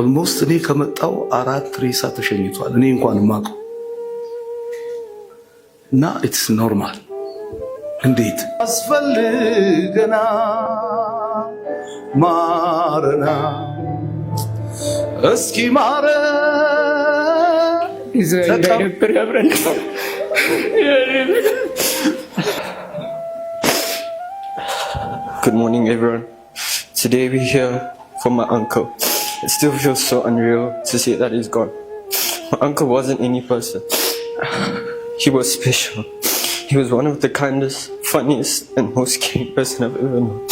ኦልሞስት እኔ ከመጣው አራት ሬሳ ተሸኝቷል። እኔ እንኳን ማቁ እና ኢትስ ኖርማል። እንዴት አስፈልገና ማረና እስኪ ማረ ነበር ያብረን Good morning, everyone. Today we here for my uncle. It still feels so unreal to see that he's gone. My uncle wasn't any person. He was special. He was one of the kindest, funniest, and most caring person I've ever known.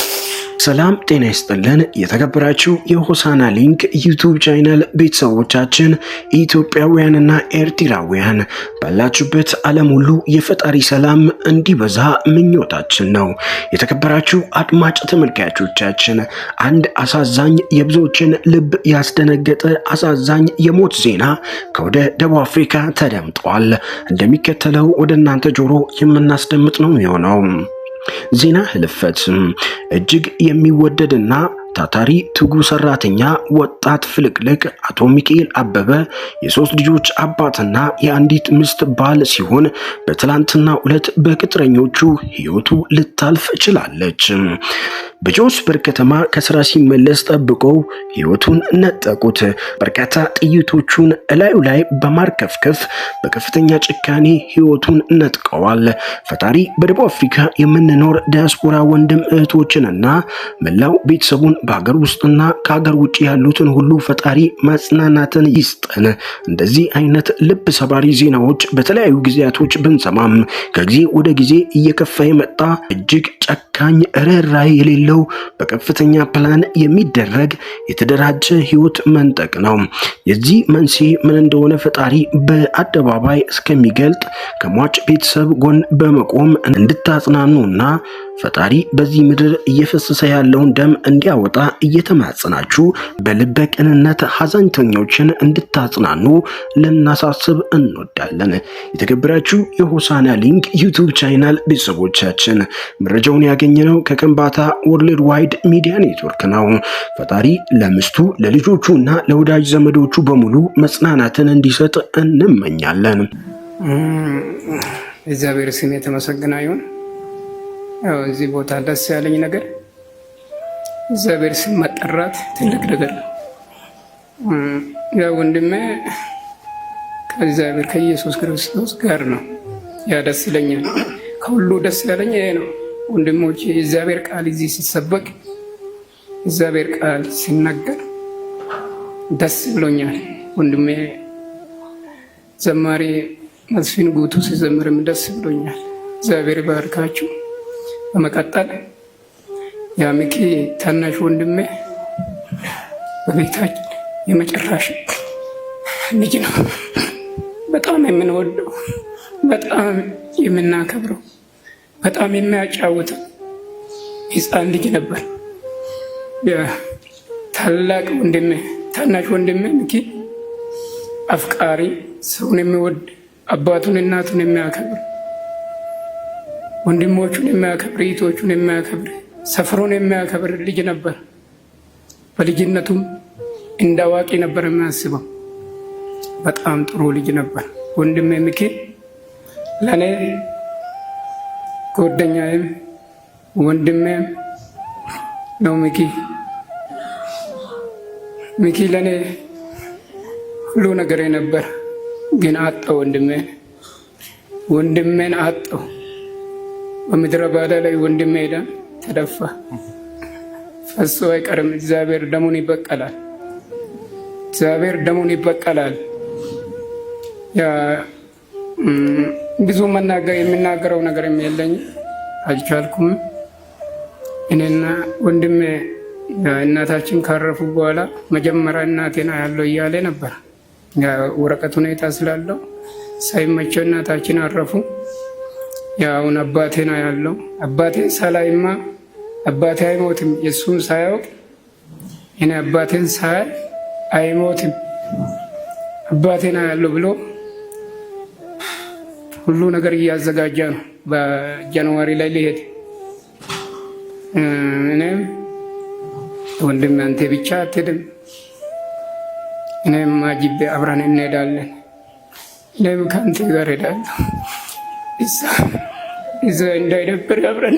ሰላም ጤና ይስጥልን። የተከበራችሁ የሆሳና ሊንክ ዩቱብ ቻይነል ቤተሰቦቻችን ኢትዮጵያውያንና ኤርትራውያን ባላችሁበት ዓለም ሁሉ የፈጣሪ ሰላም እንዲበዛ ምኞታችን ነው። የተከበራችሁ አድማጭ ተመልካቾቻችን አንድ አሳዛኝ የብዙዎችን ልብ ያስደነገጠ አሳዛኝ የሞት ዜና ከወደ ደቡብ አፍሪካ ተደምጧል። እንደሚከተለው ወደ እናንተ ጆሮ የምናስደምጥ ነው የሚሆነው ዜና ህልፈት እጅግ የሚወደድና ታታሪ ትጉ ሰራተኛ ወጣት ፍልቅልቅ አቶ ሚካኤል አበበ የሶስት ልጆች አባትና የአንዲት ሚስት ባል ሲሆን በትላንትና ዕለት በቅጥረኞቹ ሕይወቱ ልታልፍ ችላለች። በጆንስበር ከተማ ከስራ ሲመለስ ጠብቀው ሕይወቱን ነጠቁት። በርካታ ጥይቶቹን እላዩ ላይ በማርከፍከፍ በከፍተኛ ጭካኔ ሕይወቱን ነጥቀዋል። ፈጣሪ በደቡብ አፍሪካ የምንኖር ዲያስፖራ ወንድም እህቶችንና መላው ቤተሰቡን በሀገር ውስጥና ከሀገር ውጭ ያሉትን ሁሉ ፈጣሪ ማጽናናትን ይስጠን። እንደዚህ አይነት ልብ ሰባሪ ዜናዎች በተለያዩ ጊዜያቶች ብንሰማም ከጊዜ ወደ ጊዜ እየከፋ የመጣ እጅግ ጨካኝ ርኅራኄ የሌለው በከፍተኛ ፕላን የሚደረግ የተደራጀ ህይወት መንጠቅ ነው። የዚህ መንስኤ ምን እንደሆነ ፈጣሪ በአደባባይ እስከሚገልጥ ከሟች ቤተሰብ ጎን በመቆም እንድታጽናኑና ፈጣሪ በዚህ ምድር እየፈሰሰ ያለውን ደም እንዲያወጣ እየተማጸናችሁ በልበ ቅንነት ሐዘንተኞችን እንድታጽናኑ ልናሳስብ እንወዳለን። የተከበራችሁ የሆሳና ሊንክ ዩቱብ ቻናል ቤተሰቦቻችን መረጃውን ያገኘነው ከከምባታ ወርልድ ዋይድ ሚዲያ ኔትወርክ ነው። ፈጣሪ ለምስቱ ለልጆቹ እና ለወዳጅ ዘመዶቹ በሙሉ መጽናናትን እንዲሰጥ እንመኛለን። እግዚአብሔር ስም የተመሰገነ ይሁን። እዚህ ቦታ ደስ ያለኝ ነገር እግዚአብሔር ስም መጠራት ትልቅ ነገር ነው። ያው ወንድሜ ከእግዚአብሔር ከኢየሱስ ክርስቶስ ጋር ነው። ያ ደስ ይለኛል። ከሁሉ ደስ ያለኝ ይሄ ነው። ወንድሞች የእግዚአብሔር ቃል እዚህ ሲሰበቅ እግዚአብሔር ቃል ሲናገር ደስ ብሎኛል። ወንድሜ ዘማሪ መስፍን ጉቱ ሲዘምርም ደስ ብሎኛል። እግዚአብሔር ይባርካችሁ። በመቀጠል የአሚኪ ታናሽ ወንድሜ በቤታችን የመጨረሻ ልጅ ነው። በጣም የምንወደው በጣም የምናከብረው በጣም የሚያጫውተው ሕፃን ልጅ ነበር። ታላቅ ወንድሜ ታናሽ ወንድሜ ሚኪ አፍቃሪ፣ ሰውን የሚወድ አባቱን እናቱን የሚያከብር ወንድሞቹን የሚያከብር እህቶቹን የሚያከብር ሰፈሩን የሚያከብር ልጅ ነበር። በልጅነቱም እንደ አዋቂ ነበር የሚያስበው። በጣም ጥሩ ልጅ ነበር። ወንድሜ ሚኪን ለእኔ ጓደኛዬም ወንድሜም ነው። ሚኪ ሚኪ ለእኔ ሁሉ ነገሬ ነበር። ግን አጣው ወንድሜን ወንድሜን አጣው። በምድረ ባዳ ላይ ወንድሜ ሄደ፣ ተደፋ፣ ፈሶ አይቀርም። እግዚአብሔር ደሙን ይበቀላል። እግዚአብሔር ደሙን ይበቀላል። ብዙ መናገር የምናገረው ነገርም የለኝ አልቻልኩም። እኔና ወንድሜ እናታችን ካረፉ በኋላ መጀመሪያ እናቴና ያለው እያለ ነበር ወረቀት ሁኔታ ስላለው ሳይመቸው እናታችን አረፉ። ያውን አባቴ ነው ያለው። አባቴን ሳላይማ አባቴ አይሞትም። የእሱን ሳያውቅ እኔ አባቴን ሳይ አይሞትም አባቴ ነው ያለው ብሎ ሁሉ ነገር እያዘጋጀ ነው። በጃንዋሪ ላይ ሊሄድ እኔም ወንድም አንተ ብቻ አትሄድም፣ እኔም አጅቤ አብረን እንሄዳለን፣ እኔም ከአንተ ጋር ሄዳለሁ እዛ እንዳይደብር አብረን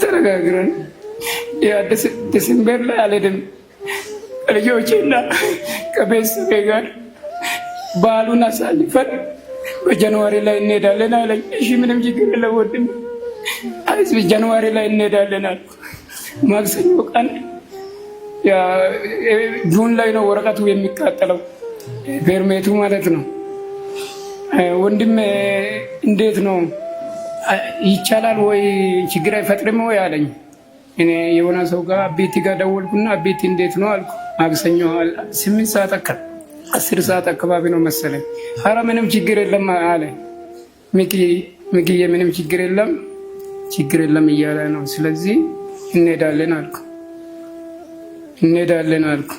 ተነጋግረን ዲሴምበር ላይ አልሄድም ከልጆቼና ከቤተሰቤ ጋር በዓሉን አሳልፈን በጃንዋሪ ላይ እንሄዳለን አለኝ። እሺ ምንም ችግር የለም ወንድም አይስ በጃንዋሪ ላይ እንሄዳለን አለ። ማክሰኞ ቀን ጁን ላይ ነው ወረቀቱ የሚቃጠለው ፌርሜቱ ማለት ነው። ወንድም እንዴት ነው ይቻላል ወይ ችግር አይፈጥርም ወይ አለኝ። እኔ የሆነ ሰው ጋር አቤቲ ጋር ደወልኩና አቤቲ እንዴት ነው አልኩ። ማክሰኞ ስምንት ሰዓት አካል አስር ሰዓት አካባቢ ነው መሰለኝ። ኧረ ምንም ችግር የለም አለ ሚኪዬ፣ ምንም ችግር የለም ችግር የለም እያለ ነው። ስለዚህ እንሄዳለን አልኩ እንሄዳለን አልኩ።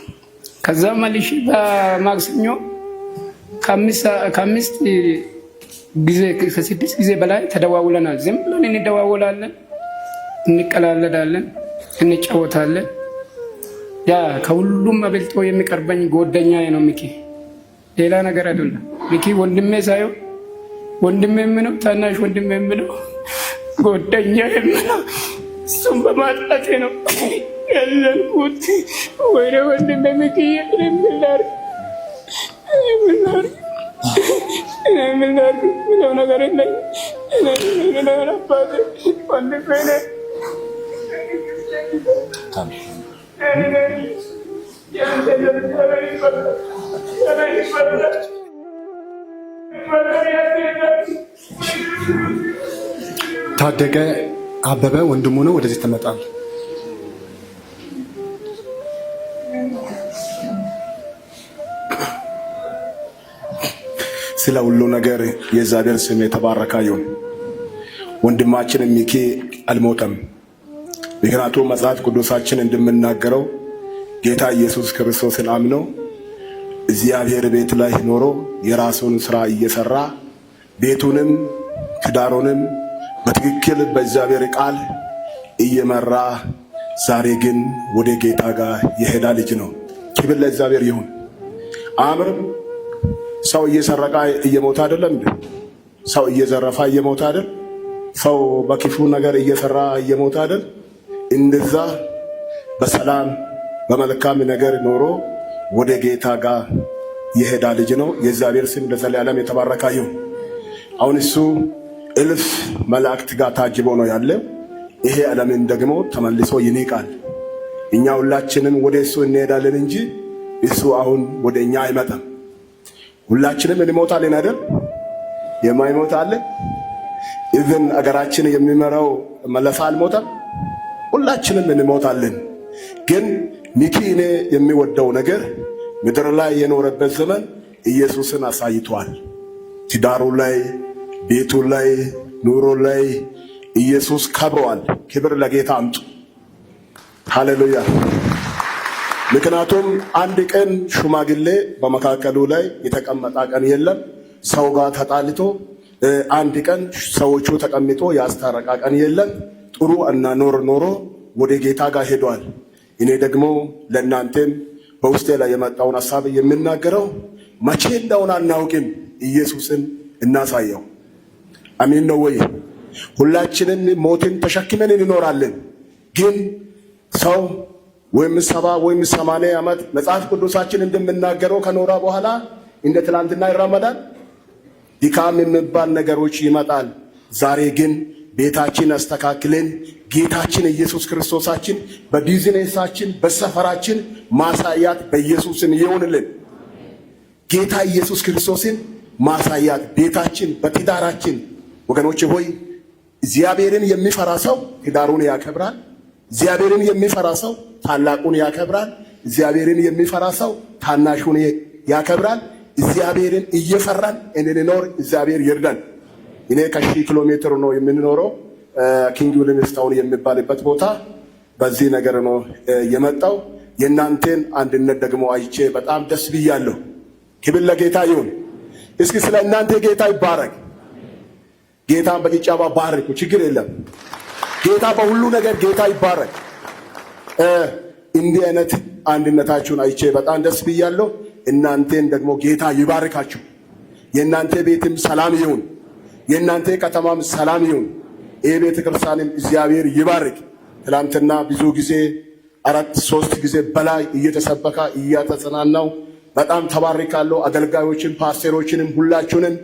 ከዛ መልሽ በማክሰኞ ከአምስት ጊዜ ከስድስት ጊዜ በላይ ተደዋውለናል። ዝም ብለን እንደዋወላለን፣ እንቀላለዳለን፣ እንጫወታለን። ያ ከሁሉም አብልጦ የሚቀርበኝ ጎደኛ ነው ሚኪ ሌላ ነገር አይደለም። ሚኪ ወንድሜ ሳይሆን ወንድሜ የምለው ታናሽ ወንድሜ የምለው ጎደኛ የምለው እሱም በማጣቴ ነው ያዘንኩት። ወይ ወንድሜ ሚኪ የምላር ምላር ምላር ብለው ነገር የለኝ አባት ወንድሜ ነ ታደገ አበበ ወንድሙ ነው። ወደዚህ ትመጣል። ስለ ሁሉ ነገር የእግዚአብሔር ስም የተባረከ ይሁን። ወንድማችን ሚኪ አልሞተም። ምክንያቱም መጽሐፍ ቅዱሳችን እንደምናገረው ጌታ ኢየሱስ ክርስቶስን አምነው እግዚአብሔር ቤት ላይ ኖሮ የራሱን ስራ እየሰራ ቤቱንም ትዳሩንም በትክክል በእግዚአብሔር ቃል እየመራ ዛሬ ግን ወደ ጌታ ጋር የሄዳ ልጅ ነው። ክብር ለእግዚአብሔር ይሁን። አምርም ሰው እየሰረቀ እየሞተ አይደለም እንዴ? ሰው እየዘረፋ እየሞተ አይደል? ሰው በክፉ ነገር እየሰራ እየሞተ አይደል? እንደዛ በሰላም በመልካም ነገር ኖሮ ወደ ጌታ ጋር የሄዳ ልጅ ነው። የእግዚአብሔር ስም ለዘላለም የተባረካ ይሁን። አሁን እሱ እልፍ መላእክት ጋር ታጅቦ ነው ያለ። ይሄ ዓለምን ደግሞ ተመልሶ ይንቃል። እኛ ሁላችንም ወደ እሱ እንሄዳለን እንጂ እሱ አሁን ወደ እኛ አይመጣም። ሁላችንም እንሞታለን አይደል? የማይሞት አለ? ኢቭን አገራችን የሚመራው መለሳ አልሞተም። ሁላችንም እንሞታለን ግን ሚኪ እኔ የሚወደው ነገር ምድር ላይ የኖረበት ዘመን ኢየሱስን አሳይቷል። ትዳሩ ላይ፣ ቤቱ ላይ፣ ኑሮ ላይ ኢየሱስ ከብረዋል። ክብር ለጌታ አምጡ። ሃሌሉያ። ምክንያቱም አንድ ቀን ሽማግሌ በመካከሉ ላይ የተቀመጠ ቀን የለም። ሰው ጋር ተጣልቶ አንድ ቀን ሰዎቹ ተቀምጦ ያስታረቃ ቀን የለም። ጥሩ እና ኖር ኖሮ ወደ ጌታ ጋር ሄዷል። እኔ ደግሞ ለእናንተም በውስጤ ላይ የመጣውን ሀሳብ የምናገረው መቼ እንደሆነ አናውቅም። ኢየሱስን እናሳየው። አሚን ነው ወይ? ሁላችንን ሞትን ተሸክመን እንኖራለን። ግን ሰው ወይም ሰባ ወይም ሰማንያ ዓመት መጽሐፍ ቅዱሳችን እንደምናገረው ከኖራ በኋላ እንደ ትላንትና ይራመዳል። ድካም የሚባል ነገሮች ይመጣል። ዛሬ ግን ቤታችን አስተካክለን ጌታችን ኢየሱስ ክርስቶሳችን በቢዝነሳችን በሰፈራችን ማሳያት በኢየሱስን ይሆንልን። ጌታ ኢየሱስ ክርስቶስን ማሳያት ቤታችን፣ በትዳራችን ወገኖች ሆይ እግዚአብሔርን የሚፈራ ሰው ትዳሩን ያከብራል። እግዚአብሔርን የሚፈራ ሰው ታላቁን ያከብራል። እግዚአብሔርን የሚፈራ ሰው ታናሹን ያከብራል። እግዚአብሔርን እየፈራን እንድንኖር እግዚአብሔር ይርዳን። እኔ ከሺህ ኪሎ ሜትር ነው የምንኖረው። ኪንግ ዊልንስታውን የሚባልበት ቦታ በዚህ ነገር ነው የመጣው። የእናንተን አንድነት ደግሞ አይቼ በጣም ደስ ብያለሁ። ክብር ለጌታ ይሁን። እስኪ ስለ እናንተ ጌታ ይባረግ ጌታን በጭብጨባ ባርኩ። ችግር የለም። ጌታ በሁሉ ነገር ጌታ ይባረግ እንዲህ አይነት አንድነታችሁን አይቼ በጣም ደስ ብያለሁ። እናንተን ደግሞ ጌታ ይባርካችሁ። የእናንተ ቤትም ሰላም ይሁን። የእናንተ ከተማም ሰላም ይሁን። ይህ ቤተ ክርስቲያንም እግዚአብሔር ይባርክ። ትላንትና ብዙ ጊዜ አራት ሶስት ጊዜ በላይ እየተሰበከ እያተጽናናው በጣም ተባርካለሁ። አገልጋዮችን፣ ፓስተሮችንም ሁላችሁንም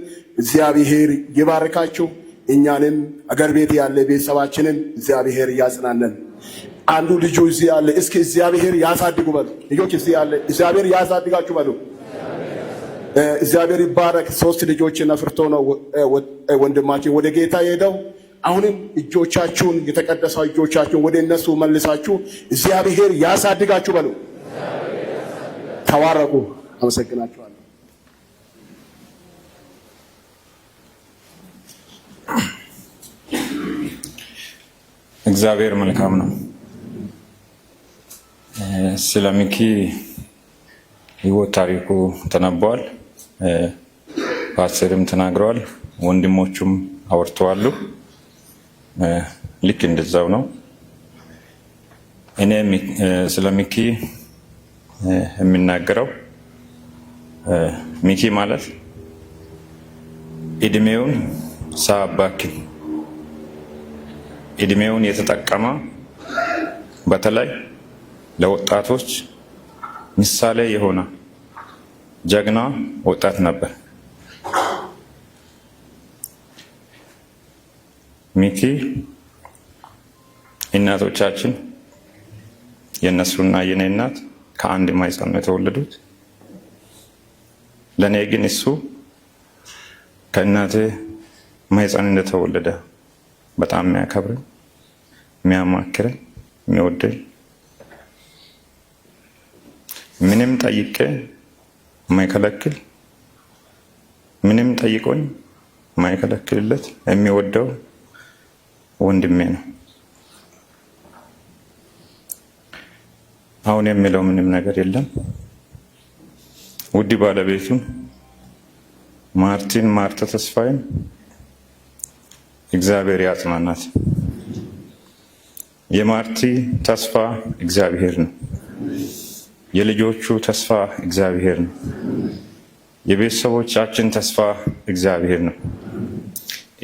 እግዚአብሔር ይባርካችሁ። እኛንም አገር ቤት ያለ ቤተሰባችንን እግዚአብሔር ያጽናነን። አንዱ ልጁ እዚህ ያለ እስኪ እግዚአብሔር ያሳድጉ በሉ። ልጆች እዚህ ያለ እግዚአብሔር ያሳድጋችሁ በሉ። እግዚአብሔር ይባረክ። ሶስት ልጆችን ነፍርቶ ነው ወንድማችን ወደ ጌታ ሄደው። አሁንም እጆቻችሁን የተቀደሰው እጆቻችሁን ወደ እነሱ መልሳችሁ እግዚአብሔር ያሳድጋችሁ በሉ። ተዋረቁ። አመሰግናችኋለሁ። እግዚአብሔር መልካም ነው። ስለ ሚኪ ህይወት ታሪኩ ተነቧል። ፓስተርም ተናግረዋል፣ ወንድሞቹም አወርተዋሉ። ልክ እንደዛው ነው። እኔ ስለ ሚኪ የሚናገረው ሚኪ ማለት እድሜውን ሳባኪ እድሜውን የተጠቀመ በተለይ ለወጣቶች ምሳሌ የሆነ ጀግና ወጣት ነበር። ሚኪ እናቶቻችን የእነሱና የኔ እናት ከአንድ ማህፀን ነው የተወለዱት። ለእኔ ግን እሱ ከእናቴ ማህፀን እንደተወለደ በጣም የሚያከብረኝ፣ የሚያማክረኝ፣ የሚወደኝ ምንም ጠይቄ የማይከለክል ምንም ጠይቆኝ የማይከለክልለት የሚወደው ወንድሜ ነው። አሁን የሚለው ምንም ነገር የለም። ውድ ባለቤቱ ማርቲን ማርተ ተስፋዬን እግዚአብሔር ያጽናናት። የማርቲ ተስፋ እግዚአብሔር ነው። የልጆቹ ተስፋ እግዚአብሔር ነው። የቤተሰቦቻችን ተስፋ እግዚአብሔር ነው።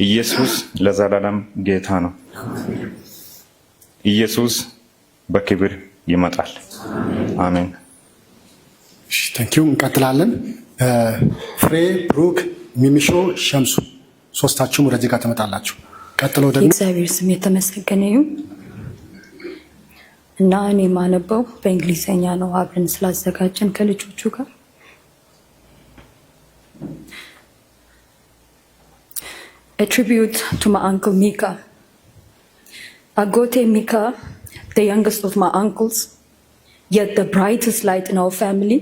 ኢየሱስ ለዘላለም ጌታ ነው። ኢየሱስ በክብር ይመጣል። አሜን። ታንኪዩ። እንቀጥላለን። ፍሬ፣ ብሩክ፣ ሚሚሾ፣ ሸምሱ ሶስታችሁም ወደዚህ ጋር ትመጣላችሁ። ቀጥሎ ደግሞ እግዚአብሔር ስም የተመሰገነ ይሁን። እና እኔ በእንግሊዝኛ ነው አብረን ስላዘጋጀን ከልጆቹ ጋር a tribute to my uncle Mika. Agote Mika, the youngest of my uncles, yet the brightest light in our family.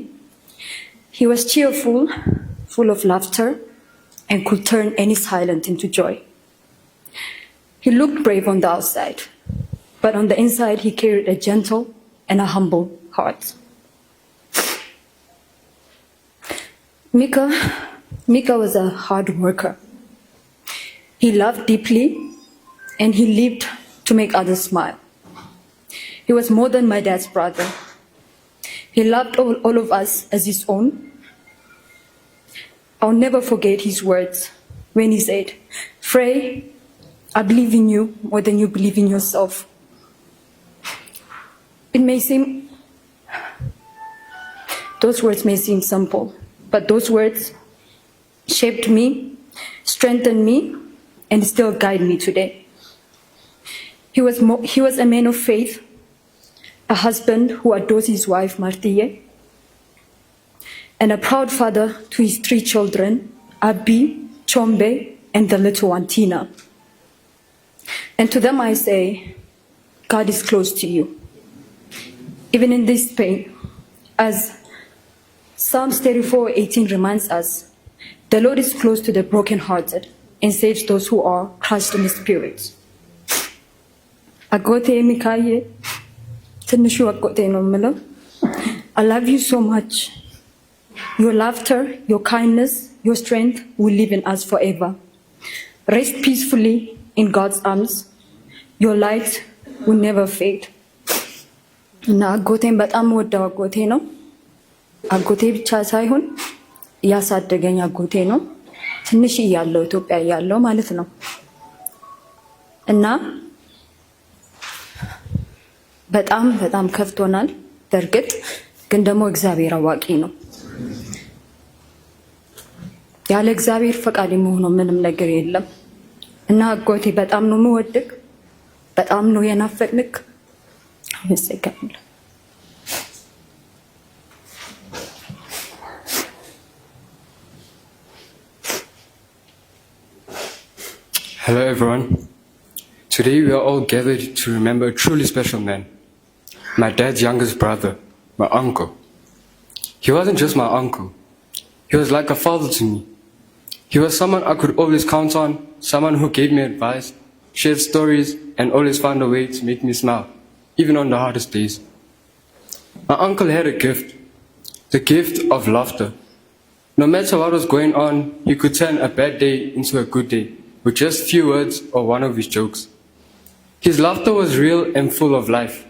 He was cheerful, full of laughter, and could turn any silence into joy. He looked brave on the outside, but on the inside he carried a gentle and a humble heart. Mika, Mika was a hard worker. He loved deeply and he lived to make others smile. He was more than my dad's brother. He loved all, all of us as his own. I'll never forget his words when he said, Frey, I believe in you more than you believe in yourself. It may seem, those words may seem simple, but those words shaped me, strengthened me, and still guide me today. He was, mo- he was a man of faith, a husband who adores his wife, Martie, and a proud father to his three children, Abby, Chombe, and the little one, Tina. And to them I say, God is close to you even in this pain, as Psalms 34:18 reminds us, the Lord is close to the brokenhearted and saves those who are crushed in spirit. I love you so much. Your laughter, your kindness, your strength will live in us forever. Rest peacefully in God's arms. Your light will never fade. እና አጎቴን በጣም ወደው አጎቴ ነው። አጎቴ ብቻ ሳይሆን ያሳደገኝ አጎቴ ነው። ትንሽ እያለው ኢትዮጵያ እያለው ማለት ነው። እና በጣም በጣም ከፍቶናል። በእርግጥ ግን ደግሞ እግዚአብሔር አዋቂ ነው። ያለ እግዚአብሔር ፈቃድ የሚሆነው ምንም ነገር የለም። እና አጎቴ በጣም ነው የምወድቅ፣ በጣም ነው የናፈቅንክ አመሰግናለሁ። Hello everyone. Today we are all gathered to remember a truly special man, my dad's youngest brother, my uncle. He wasn't just my uncle. He was like a father to me. He was someone I could always count on, someone who gave me advice, shared stories, and always found a way to make me smile even on the hardest days. My uncle had a gift, the gift of laughter. No matter what was going on, he could turn a bad day into a good day with just few words or one of his jokes. His laughter was real and full of life.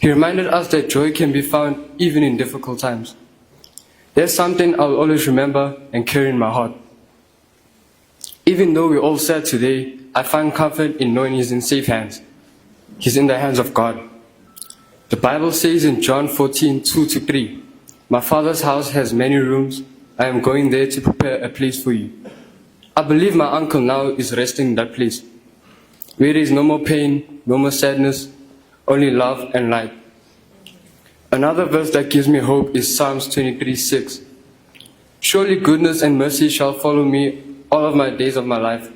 He reminded us that joy can be found even in difficult times. That's something I'll always remember and carry in my heart. Even though we're all sad today, I find comfort in knowing He's in safe hands. He's in the hands of God. Bible says in John 14, 2 to 3, My Father's house has many rooms. I am going there to prepare a place for you. I believe my uncle now is resting in that place, where there is no more pain, no more sadness, only love and light. Another verse that gives me hope is Psalms 23, 6. Surely goodness and mercy shall follow me all of my days of my life.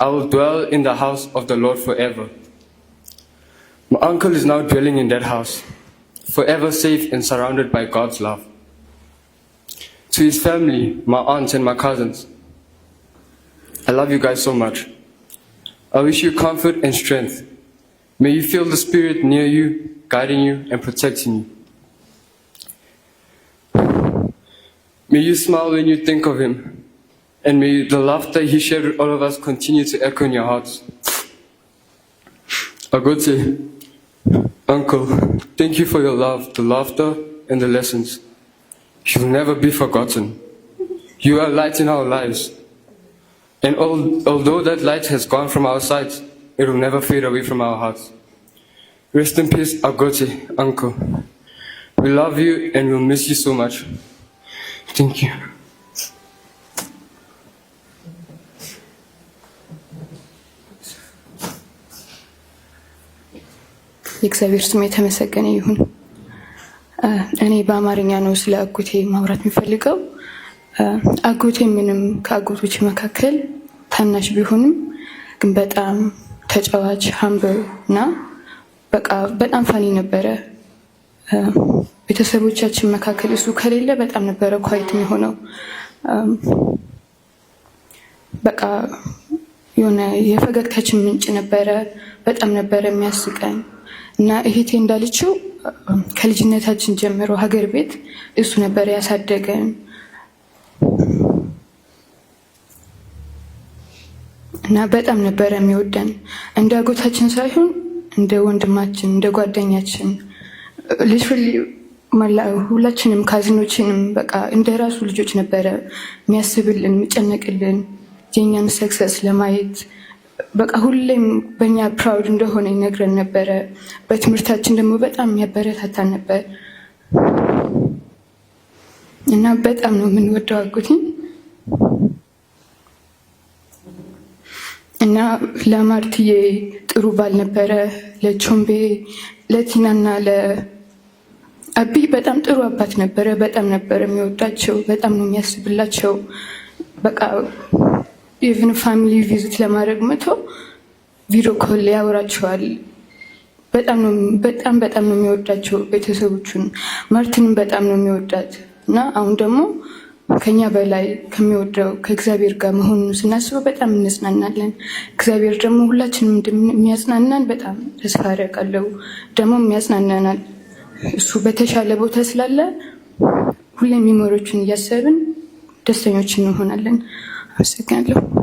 I will dwell in the house of the Lord forever. My uncle is now dwelling in that house, forever safe and surrounded by God's love. To his family, my aunts and my cousins, I love you guys so much. I wish you comfort and strength. May you feel the Spirit near you, guiding you and protecting you. May you smile when you think of him, and may the laughter he shared with all of us continue to echo in your hearts. Agote. Uncle, thank you for your love, the laughter, and the lessons. You'll never be forgotten. You are light in our lives. And al- although that light has gone from our sight, it will never fade away from our hearts. Rest in peace, Agoti, Uncle. We love you and we'll miss you so much. Thank you. የእግዚአብሔር ስም የተመሰገነ ይሁን። እኔ በአማርኛ ነው ስለ አጎቴ ማውራት የሚፈልገው። አጎቴ ምንም ከአጎቶች መካከል ታናሽ ቢሆንም ግን በጣም ተጫዋች ሀምብር እና በቃ በጣም ፋኒ ነበረ። ቤተሰቦቻችን መካከል እሱ ከሌለ በጣም ነበረ ኳይት የሆነው። በቃ የሆነ የፈገግታችን ምንጭ ነበረ። በጣም ነበረ የሚያስቀኝ እና እህቴ እንዳለችው ከልጅነታችን ጀምሮ ሀገር ቤት እሱ ነበር ያሳደገን እና በጣም ነበረ የሚወደን እንደ አጎታችን ሳይሆን እንደ ወንድማችን፣ እንደ ጓደኛችን ልጅፍል ሁላችንም ካዝኖችንም በቃ እንደ ራሱ ልጆች ነበረ የሚያስብልን የሚጨነቅልን የእኛን ሰክሰስ ለማየት በቃ ሁሌም በእኛ ፕራውድ እንደሆነ ይነግረን ነበረ። በትምህርታችን ደግሞ በጣም የሚያበረታታን ነበር እና በጣም ነው የምንወደው አጎቴን እና ለማርትዬ ጥሩ ባል ነበረ። ለቾምቤ ለቲናና ለአቢ በጣም ጥሩ አባት ነበረ። በጣም ነበረ የሚወዳቸው፣ በጣም ነው የሚያስብላቸው በቃ ኢቭን ፋሚሊ ቪዚት ለማድረግ መቶ ቪዲዮ ኮል ያወራቸዋል። በጣም በጣም ነው የሚወዳቸው ቤተሰቦቹን። ማርቲንም በጣም ነው የሚወዳት እና አሁን ደግሞ ከኛ በላይ ከሚወደው ከእግዚአብሔር ጋር መሆኑን ስናስበው በጣም እንጽናናለን። እግዚአብሔር ደግሞ ሁላችንም የሚያጽናናን በጣም ተስፋ አደርጋለሁ። ደግሞ የሚያጽናናናል እሱ በተሻለ ቦታ ስላለ ሁሌም ሚሞሪዎችን እያሰብን ደስተኞች እንሆናለን። Hoşçakalın.